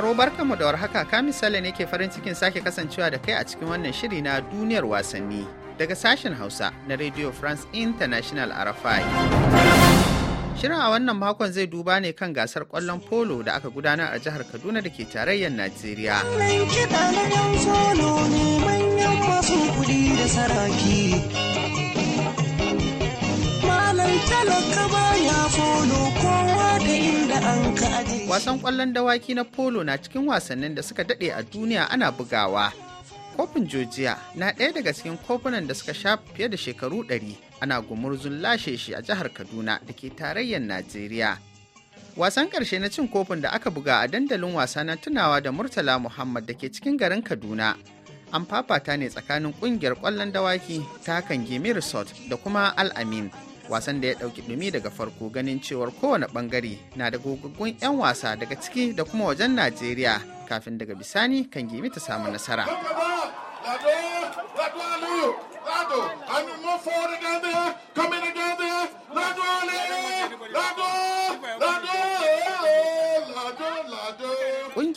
sauraro mu da warhaka ka misali ne ke farin cikin sake kasancewa da kai a cikin wannan shiri na duniyar wasanni daga sashen Hausa na Radio France International RFI. Shirin a wannan makon zai duba ne kan gasar kwallon polo da aka gudanar a jihar Kaduna da ke tarayyar Najeriya. da saraki. Wasan kwallon dawaki na polo na cikin wasannin da suka daɗe a duniya ana bugawa. Kofin Jojiya na ɗaya daga cikin kofunan da suka sha fiye da shekaru ɗari ana gumurzun lashe shi a jihar Kaduna da ke tarayyar Najeriya. Wasan ƙarshe na cin kofin da aka buga a dandalin wasa na tunawa da Murtala Muhammad da ke cikin garin Kaduna. An fafata ne tsakanin ƙungiyar kwallon dawaki ta gemi Resort da kuma Al-Amin. wasan da ya ɗauki ɗumi daga farko ganin cewar kowane ɓangare na da gogaggun 'yan wasa daga ciki da kuma wajen najeriya kafin daga bisani kan gimi ta samu nasara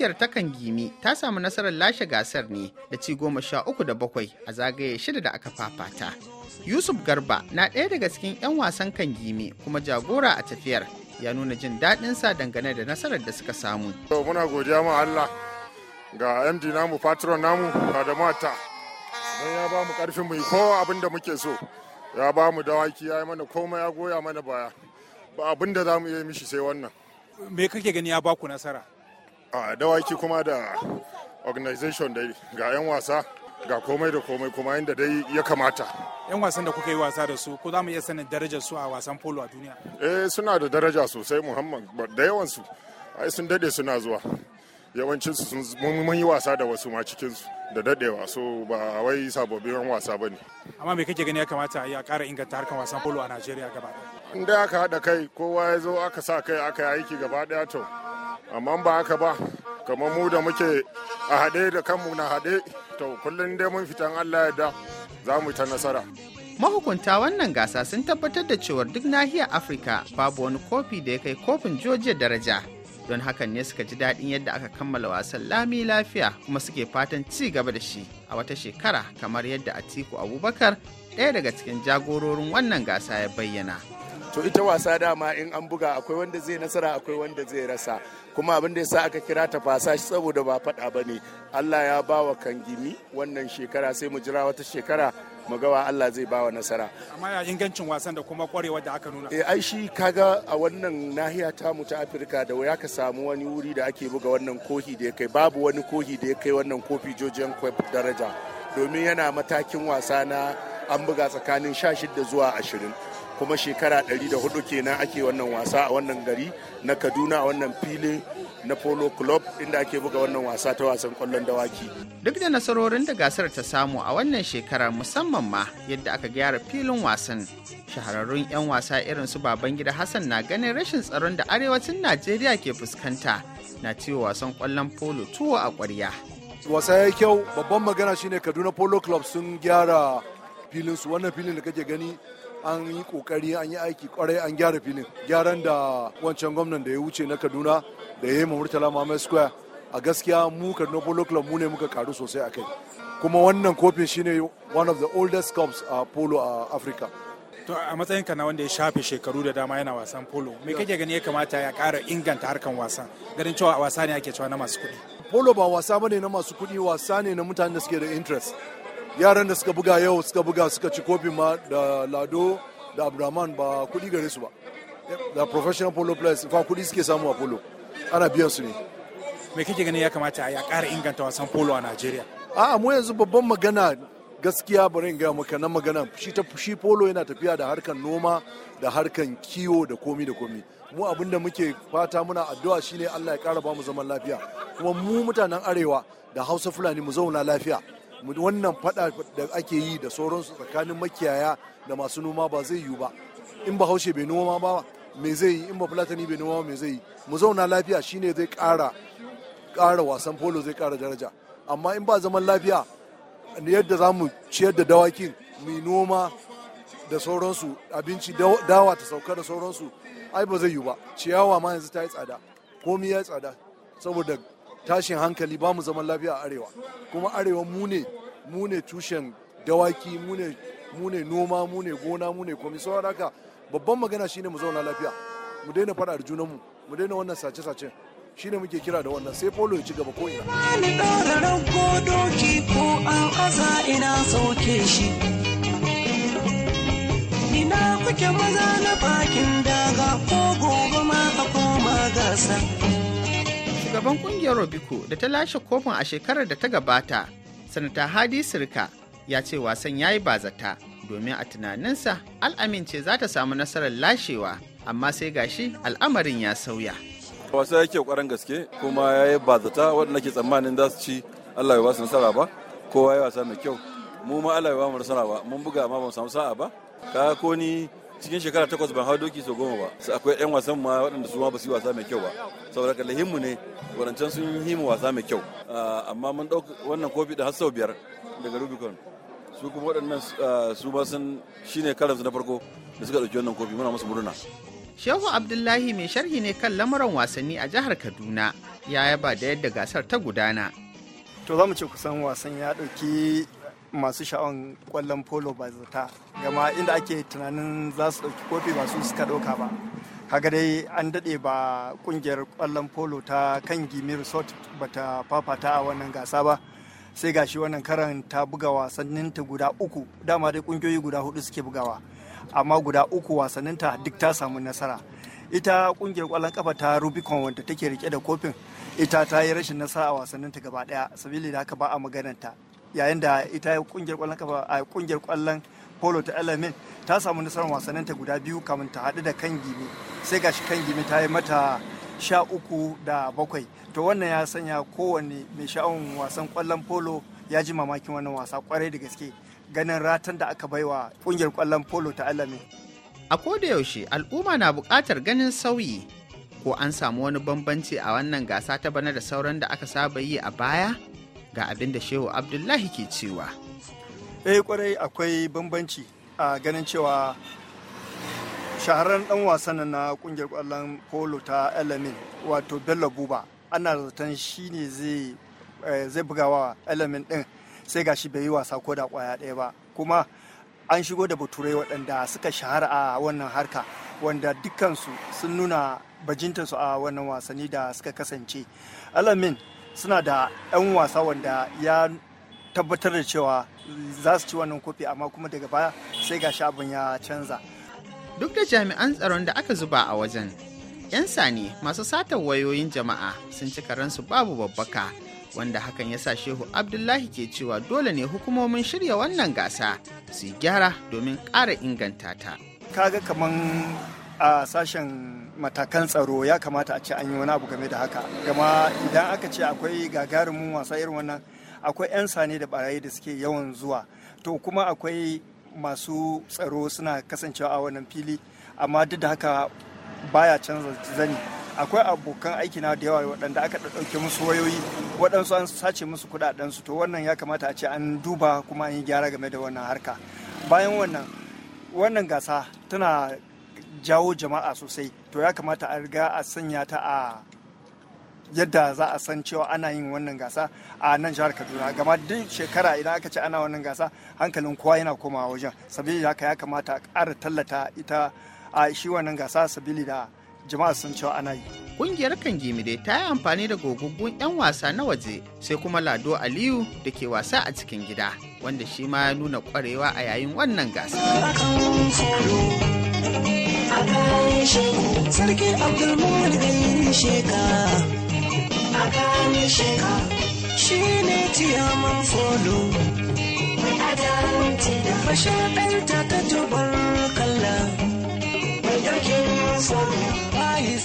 Ƙungiyar takan gimi ta samu nasarar lashe gasar ne da ci goma sha uku da bakwai a zagaye shida da aka fafata. Yusuf Garba na ɗaya daga cikin 'yan wasan kan gimi kuma jagora a tafiyar ya nuna jin sa dangane da nasarar da suka samu. Muna godiya ma Allah ga MD namu patron namu da mata don ya ba mu ƙarfin mu kowa abin da muke so ya ba mu dawaki ya yi mana komai ya goya mana baya ba abin da za mu iya mishi sai wannan. Me kake gani ya baku nasara? a dawaki kuma da organization dai ga 'yan wasa ga komai da komai kuma inda dai ya kamata. 'Yan wasan da kuka yi wasa da su, ko za mu iya sanin darajar su a wasan polo a duniya? Eh suna da daraja sosai Muhammad, da yawansu, ai sun dade suna zuwa. Yawancinsu sun mun yi wasa da wasu ma cikinsu da dadewa so ba wai sababbin wasa ba ne. Amma me kake gani ya kamata a a ƙara inganta harkar wasan polo a Najeriya gaba ɗaya? Inda aka haɗa kai kowa ya zo aka sa kai aka yi aiki gaba ɗaya to amma ba haka ba kamar mu da muke a haɗe da kanmu na haɗe to kullum dai mun fitan allah yadda za mu ta nasara mahukunta wannan gasa sun tabbatar da cewar duk nahiyar afirka babu wani kofi da ya kai kofin georgia daraja don hakan ne suka ji daɗin yadda aka kammala wasan lami lafiya kuma suke fatan ci gaba da shi a wata shekara kamar yadda atiku abubakar ɗaya daga cikin jagororin wannan gasa ya bayyana to ita wasa dama in an buga akwai wanda zai nasara akwai wanda zai rasa kuma abin da ya sa aka kira ta fasa shi saboda ba fada ba ne allah ya ba wa kangimi wannan shekara sai mu jira wata shekara mu gawa allah zai ba wa nasara amma ya ingancin wasan da kuma kwarewa da aka nuna eh ai shi kaga a wannan nahiya ta mu ta afirka da waya ka samu wani wuri da ake buga wannan kohi da ya kai babu wani kohi da ya kai wannan kofi jojiyan kwef daraja domin yana matakin wasa na an buga tsakanin 16 zuwa ashirin. kuma shekara 104 kenan ake wannan wasa a wannan gari na kaduna a wannan filin na polo club inda ake buga wannan wasa ta wasan kwallon dawaki duk da nasarorin da gasar ta samu a wannan shekarar musamman ma yadda aka gyara filin wasan shahararrun 'yan wasa irin su babangida hassan na ganin rashin tsaron da arewacin najeriya ke fuskanta na ciwo wasan kwallon polo tuwo a kwarya wasa ya kyau babban magana shine kaduna polo club sun gyara filin su wannan filin da kake gani an yi kokari an yi aiki kwarai an gyara filin gyaran da wancan gwamnan da ya wuce na kaduna da ya yi murtala mahammed square a gaskiya mu kaduna polo club mu ne muka karu sosai a kai kuma wannan kofin shine one of the oldest cups a polo a africa to a matsayin ka na wanda ya shafe shekaru da dama yana wasan polo me kake gani ya kamata ya kara inganta harkan wasan garin cewa a wasa ne ake cewa na masu kuɗi polo ba wasa bane na masu kuɗi wasa ne na mutanen da suke da interest yaran da suka buga yau suka buga suka ci kofi ma da lado da abdulrahman ba kudi gare su ba da professional polo players fa kudi suke samu a polo ana biyan su ne me kike ganin ya kamata a ƙara inganta wasan polo a najeriya a mu yanzu babban magana gaskiya bari in gaya maka nan magana shi ta shi polo yana tafiya da harkan noma da harkan kiwo da komi da komi mu abin da muke fata muna addu'a shine Allah ya ƙara ba mu zaman lafiya kuma mu mutanen arewa da Hausa Fulani mu zauna lafiya wannan fada da ake yi da sauransu tsakanin makiyaya da masu noma ba zai yiwu ba in ba haushe bai noma ba me zai yi in ba fulatani bai noma me zai yi mu zauna lafiya shine zai kara kara wasan polo zai kara daraja amma in ba zaman lafiya yadda za mu ciyar da dawakin mu noma da sauransu abinci dawa ta sauka da sauransu ai ba zai yiwu ba ciyawa ma yanzu ta yi tsada komi ya yi tsada saboda tashin hankali ba mu zaman lafiya a arewa kuma arewa mu ne mu ne tushen dawaki mu ne noma mu ne gona mu ne komai saboda haka babban magana shine mu zauna lafiya mu daina faɗa da junanmu mu daina wannan sace-sacen shine muke kira da wannan sai polo ya ci gaba ko ina ina sauke shi ina kuke maza na bakin daga ko gobe ma a koma gasa shugaban kungiyar Robico da ta lashe kofin a shekarar da ta gabata, Sanata Hadi Sirka ya ce wasan ya yi bazata domin a tunaninsa alamince za ta samu nasarar lashewa, amma sai gashi al'amarin ya sauya. Wasa yake kwaran gaske kuma ya yi bazata waɗanda ke tsammanin za su ci Allah ya ba nasara ba, kowa ya wasa mai kyau. Mu ma Allah ya ba mu nasara ba, mun buga ma ba samu sa'a ba. Ka ko ni cikin shekara takwas ban hau doki sau goma ba su akwai yan wasan ma waɗanda su ma ba su yi wasa mai kyau ba saboda ka lahinmu ne waɗancan sun yi himu wasa mai kyau ah, amma mun ɗauka wannan kofi da har sau biyar daga rubicon su kuma waɗannan ah, su ma sun shine su na farko da suka ɗauki wannan kofi muna musu murna Shehu Abdullahi mai sharhi ne kan lamuran wasanni a jihar Kaduna ya yaba da yadda gasar ta gudana. To za mu ce kusan wasan ya ɗauki masu sha'on kwallon polo ba zata gama inda ake tunanin za su ɗauki kofi ba su suka ɗauka ba kaga dai an daɗe ba ƙungiyar kwallon polo ta kan gimi resort ba ta fafata a wannan gasa ba sai gashi wannan karan ta buga wasanninta guda uku dama dai ƙungiyoyi guda hudu suke bugawa amma guda uku wasanninta duk ta samu nasara ita ƙungiyar kwallon kafa ta rubicon wanda take rike da kofin ita ta yi rashin nasara a wasanninta gaba daya sabili da haka ba a magananta yayin da ita kungiyar kwallon kafa a kungiyar kwallon polo ta alamin ta samu nasarar wasannin ta guda biyu kamun ta hadu da kan gimi sai gashi kan gimi ta yi mata sha uku da bakwai to wannan ya sanya kowane mai sha'awun wasan kwallon polo ya ji mamakin wannan wasa kwarai da gaske ganin ratan da aka baiwa kungiyar kwallon polo ta alamin a koda yaushe al'umma na buƙatar ganin sauyi ko an samu wani bambanci a wannan gasa ta bana da sauran da aka saba yi a baya ga abin da shehu abdullahi ke cewa eh kwarai akwai bambanci a ganin cewa shaharar dan wasan na kungiyar kwallon polo ta elamin wato bello buba ana zaton shi ne zai eh, bugawa elamin din sai gashi bai yi wasa ko da kwaya ɗaya ba kuma an shigo da baturai waɗanda suka shahara a wannan harka wanda dukkansu sun nuna bajintansu a wannan wasanni da suka kasance alamin suna da 'yan wasa wanda ya tabbatar da cewa za su ci wannan kofi amma kuma daga baya sai ga abin ya canza duk da jami'an tsaron da aka zuba a wajen 'yan sani masu satar wayoyin jama'a sun ci karansu babu babbaka wanda hakan ya sa shehu abdullahi ke cewa dole ne hukumomin shirya wannan gasa su gyara domin ƙara inganta ta kaga kaman a sashen matakan tsaro ya kamata a ce an yi wani abu game da haka gama idan aka ce akwai gagarumin wasa irin wannan akwai 'yan sane da barayi da suke yawan zuwa to kuma akwai masu tsaro suna kasancewa a wannan fili amma duk da haka baya canza zani akwai abokan aiki na da yawa waɗanda aka ɗauke musu wayoyi waɗansu an sace musu kuɗaɗensu to wannan ya kamata a ce an duba kuma an yi gyara game da wannan harka bayan wannan wannan gasa tana jawo jama'a sosai to ya kamata a riga a sanya ta a yadda za a san cewa ana yin wannan gasa a nan jihar kaduna gama duk shekara idan aka ce ana wannan gasa hankalin kowa yana komawa wajen sabili haka ya kamata a ƙara tallata ita a shi wannan gasa sabili da jama'a sun cewa ana yi kungiyar kan dai ta yi amfani da gogoggun 'yan wasa na waje sai kuma lado aliyu da ke wasa a cikin gida wanda shi ma ya nuna kwarewa a yayin wannan gasa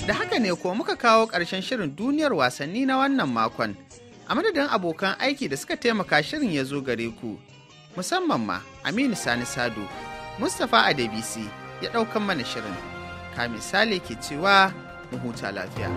da haka ne ko muka kawo ƙarshen shirin duniyar wasanni na wannan makon a madadin abokan aiki da suka taimaka shirin ya zo gare ku musamman ma aminu sani sado mustapha adebisi ya ɗaukan mana shirin. Ka misali ke cewa mu huta lafiya.